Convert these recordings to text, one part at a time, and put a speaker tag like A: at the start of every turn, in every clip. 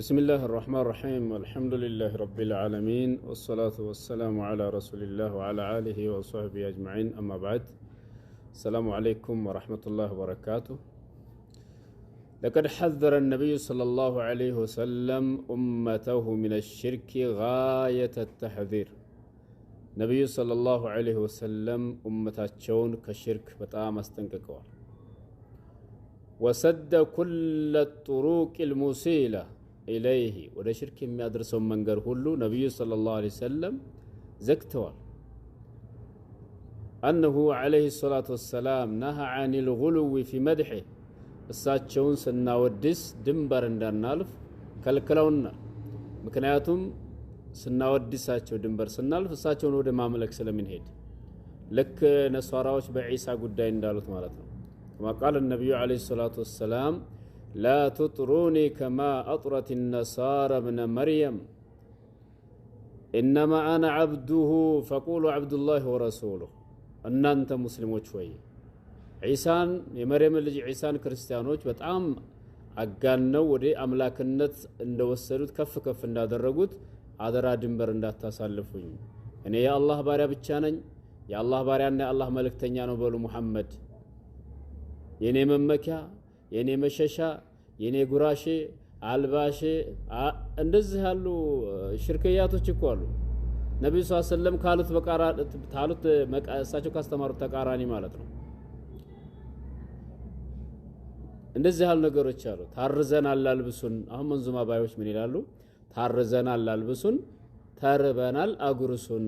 A: بسم الله الرحمن الرحيم والحمد لله رب العالمين والصلاة والسلام على رسول الله وعلى آله وصحبه أجمعين أما بعد السلام عليكم ورحمة الله وبركاته لقد حذر النبي صلى الله عليه وسلم أمته من الشرك غاية التحذير نبي صلى الله عليه وسلم أمتاتشون كشرك بتام استنككوال وسد كل الطرق الموسيله ኢለይህ ወደ ሽርክ የሚያደርሰውን መንገድ ሁሉ ነቢዩ ሰለላሁ ዐለይሂ ወሰለም ዘግተዋል። አነሁ ዐለይሂ ሰላቱ ወሰላም ነሃ አኒል ጉሉዊ ፊ መድሒ እሳቸውን ስናወድስ ድንበር እንዳናልፍ ከልክለውናል። ምክንያቱም ስናወድሳቸው ድንበር ስናልፍ እሳቸውን ወደ ማምለክ ስለምንሄድ ልክ ነሷራዎች በዒሳ ጉዳይ እንዳሉት ማለት ነው። ከማ ቃል ነቢዩ ዐለይሂ ሰላቱ ወሰላም ላ ቱጥሩኒ ከማ አጥረት ነሳራ ብነ መርየም ኢነማ አነ ዐብዱሁ ፈቁሉ ዐብዱላህ ወረሱሉሁ። እናንተ ሙስሊሞች ወይ ዒሳን የመርየምን ልጅ ዒሳን ክርስቲያኖች በጣም አጋነው ወደ አምላክነት እንደወሰዱት ከፍ ከፍ እንዳደረጉት አደራ ድንበር እንዳታሳልፉኝ፣ እኔ የአላህ ባሪያ ብቻ ነኝ፣ የአላህ ባሪያና የአላህ መልእክተኛ ነው በሉ። ሙሐመድ የእኔ መመኪያ የኔ መሸሻ፣ የኔ ጉራሼ፣ አልባሼ እንደዚህ ያሉ ሽርክያቶች እኮ አሉ። ነቢ ስ ሰለም ካሉት ታሉት እሳቸው ካስተማሩት ተቃራኒ ማለት ነው። እንደዚህ ያሉ ነገሮች አሉ። ታርዘን አላልብሱን። አሁን መንዙማ ባዮች ምን ይላሉ? ታርዘን አላልብሱን፣ ተርበናል አጉርሱን።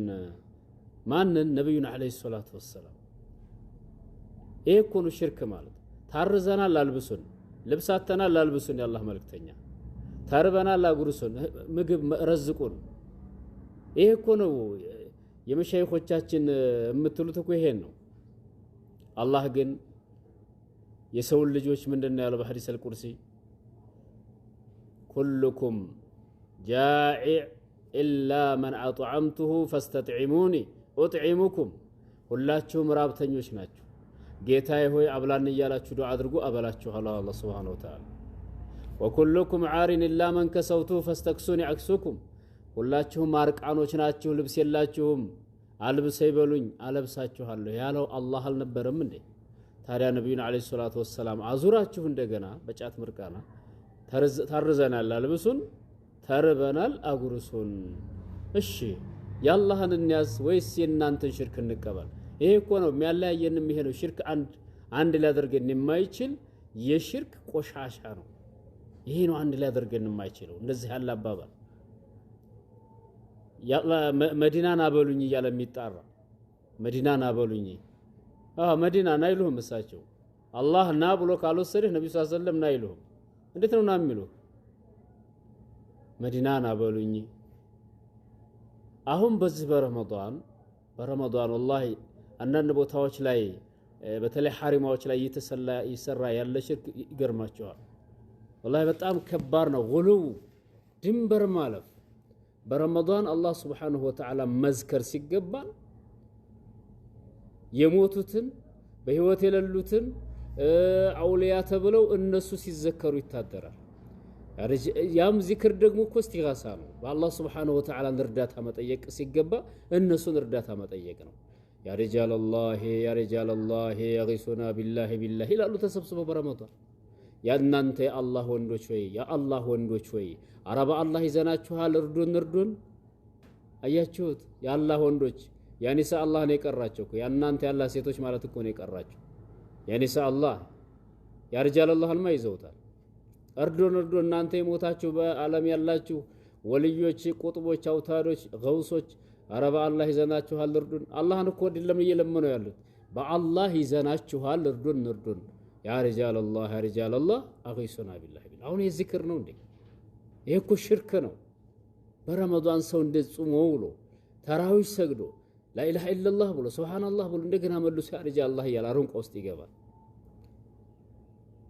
A: ማንን? ነቢዩን ዓለይሂ ሰላቱ ወሰላም። ይሄ እኮ ነው ሽርክ ማለት ታርዘናል ላልብሱን ልብስ ላልብሱን አልብሱን፣ የአላህ መልእክተኛ ተርበናል አጉርሱን፣ ምግብ ረዝቁን። ይሄ እኮ ነው የመሻይኮቻችን የምትሉት እኮ ይሄን ነው። አላህ ግን የሰውን ልጆች ምንድን ነው ያለው በሐዲስ አልቁርሲ ኩልኩም ጃዒዕ ኢላ መን አጥዓምቱሁ ፈስተጥዒሙኒ ኡጥዒሙኩም፣ ሁላችሁም ራብተኞች ናችሁ ጌታዬ ሆይ አብላን እያላችሁ ዱዓ አድርጉ፣ አበላችኋለሁ። አላህ ሱብሓነሁ ወተዓላ ወኩሉኩም ዓሪን ኢላ መን ከሰውቱ ፈስተክሱን ያክሱኩም፣ ሁላችሁም አርቃኖች ናችሁ፣ ልብስ የላችሁም፣ አልብሰ ይበሉኝ አለብሳችኋለሁ ያለው አላህ አልነበረም እንዴ? ታዲያ ነቢዩን ዓለይሂ ሰላቱ ወሰላም አዙራችሁ እንደገና በጫት ምርቃና ታርዘናል፣ አልብሱን፣ ተርበናል፣ አጉርሱን። እሺ የአላህን እንያዝ ወይስ የእናንተን ሽርክ እንቀበል? ይሄ እኮ ነው የሚያለያየን ይሄ ሽርክ አንድ ሊያደርገን የማይችል የሽርክ ቆሻሻ ነው። ይሄ ነው አንድ ሊያደርገን የማይችለው። እንደዚህ ያለ አባባል መዲናን አበሉኝ እያለ የሚጣራ መዲናን አበሉኝ ና አይሉህም እሳቸው አላህ ና ብሎ ካልወሰድህ ነቢ ስ ሰለም ና አይሉህም። እንዴት ነው ና የሚሉህ? መዲናን አበሉኝ አሁን በዚህ በረመዷን በረመዷን ወላሂ አንዳንድ ቦታዎች ላይ በተለይ ሐሪማዎች ላይ እየተሰራ ያለ ሽርክ ይገርማቸዋል። ወላሂ በጣም ከባድ ነው። ጉሉው ድንበር ማለፍ በረመዳን አላህ ስብሓንሁ ወተዓላ መዝከር ሲገባ የሞቱትን በህይወት የሌሉትን አውልያ ተብለው እነሱ ሲዘከሩ ይታደራል። ያም ዚክር ደግሞ እኮ እስቲጋሳ ነው። በአላህ ስብሓንሁ ወተዓላን እርዳታ መጠየቅ ሲገባ እነሱን እርዳታ መጠየቅ ነው። ያሪጃለላሂ ያሪጃለላሂ የሱና ቢላሂ ቢላሂ ይላሉ ተሰብስበው በረመዷን። ያናንተ የአላህ ወንዶች ወይ የአላህ ወንዶች ወይ አረ በአላህ ይዘናችኋል፣ እርዱን እርዱን። አያችሁት? የአላህ ወንዶች ያኒሳ አላህ ነው የቀራቸው ያናንተ ያላህ ሴቶች ማለት እኮ ነው የቀራቸው። ያኒሳ አላህ ያሪጃለላህ አልማ ይዘውታል። እርዱን እርዱን እናንተ የሞታችሁ በዓለም ያላችሁ ወልዮች፣ ቁጥቦች፣ አውታዶች፣ ገውሶች አረ በአላህ ይዘናችኋል እርዱን። አላህን እኮ አይደለም እየለመነው ያሉት በአላህ ይዘናችኋል እርዱን እርዱን። ያ ሪጃል አላህ ያ ሪጃል አላህ አገይሶና ቢላህ ቢል አሁን የዚክር ነው እንዴ? ይህ እኮ ሽርክ ነው። በረመዷን ሰው እንደ ጾሞ ውሎ ተራዊሽ ሰግዶ ላኢላሃ ኢለላህ ብሎ ሱብሃነላህ ብሎ እንደገና መልሶ ያ ሪጃል አላህ እያለ ሩንቆ ውስጥ ይገባል።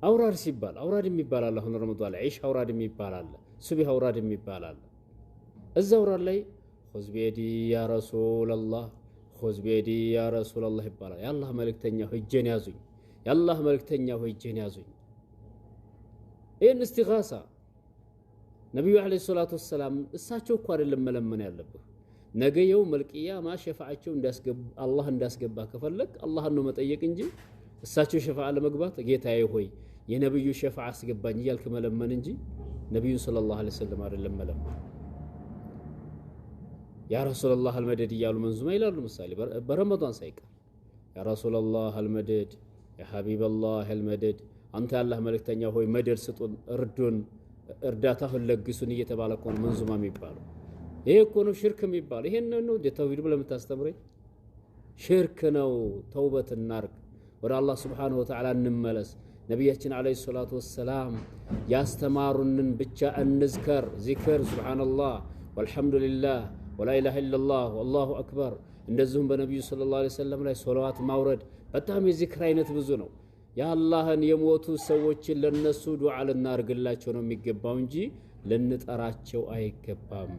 A: አውራድ ሲባል አውራድ የሚባል አለ። አሁን ረመዷን ላይ ዒሽ አውራድ የሚባል አለ። ሱብህ አውራድ የሚባል አለ። እዛው ራር ላይ ሁዝቤዲ ያ ረሱላላህ ሁዝቤዲ ያ ረሱላላህ ይባላል። የአላህ መልእክተኛ ሆይ እጄን ያዙኝ፣ የአላህ መልእክተኛ ሆይ እጄን ያዙኝ። ይህን እስቲኻሳ ነቢዩ ዓለይሂ ሰላቱ ወሰላም እሳቸው እኮ አይደለም መለመን ያለብህ ነገ የውመል ቂያማ ሸፋዓቸው አላህ እንዳስገባ ከፈለግ አላህን ነው መጠየቅ እንጂ እሳቸው ሸፋዓ ለመግባት ጌታዬ ሆይ የነቢዩ ሸፋዓ አስገባኝ እያልክ መለመን እንጂ ነቢዩን ሰለላሁ ዓለይሂ ወሰለም አይደለም መለመን ያ ረሱላላህ አልመደድ እያሉ መንዙማ ይላሉ። ምሳሌ በረመዷን ሳይቀር ያ ረሱላላህ አልመደድ፣ ያ ሀቢበላህ አልመደድ፣ አንተ ያላህ መልእክተኛ ሆይ መደድ ስጡን፣ እርዱን፣ እርዳታህን ለግሱን እየተባለ እኮ ነው መንዙማ የሚባለው። ይሄ እኮ ነው ሽርክ የሚባለው። ይሄን ነው ተውሂድ ብለህ የምታስተምረኝ? ሽርክ ነው። ተውበት እናርግ፣ ወደ አላህ ስብሓነሁ ወተዓላ እንመለስ። ነቢያችን ዓለይሂ ሰላቱ ወሰላም ያስተማሩንን ብቻ እንዝከር። ዚክር ሱብሓነላህ ወልሐምዱሊላህ ወላ ኢላሃ ኢለላህ አላሁ አክበር። እንደዚሁም በነቢዩ ሰለላሁ ዐለይሂ ወሰለም ላይ ሶላዋት ማውረድ በጣም የዚክር አይነት ብዙ ነው። የአላህን የሞቱ ሰዎችን ለነሱ ዱዓ ልናርግላቸው ነው የሚገባው እንጂ ልንጠራቸው አይገባም።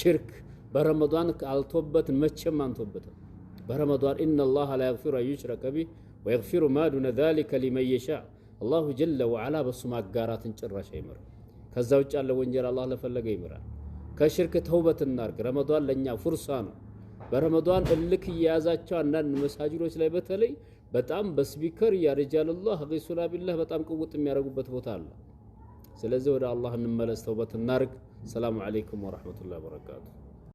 A: ሽርክ በረመዷን አልቶበትን መቼም አንቶበትም። በረመዷን ኢነላህ ላ የግፊሩ አን ዩሽረከ ቢህ ወየግፊሩ ማ ዱነ ዛሊከ ሊመን የሻእ አላሁ ጀለ ወዓላ በሱ ማጋራትን ጭራሽ አይምርም። ከዛ ውጭ ያለ ወንጀል አላህ ለፈለገ ይምራል። ከሽርክ ተውበት እናርግ። ረመዷን ለእኛ ፉርሳ ነው። በረመዷን እልክ እየያዛቸው አንዳንድ መሳጅዶች ላይ በተለይ በጣም በስፒከር ያረጃልላህ ሱላ ቢላህ በጣም ቅውጥ የሚያደርጉበት ቦታ አለ። ስለዚህ ወደ አላህ እንመለስ፣ ተውበት እናርግ። ሰላሙ አለይኩም ወረሕመቱላህ በረካቱ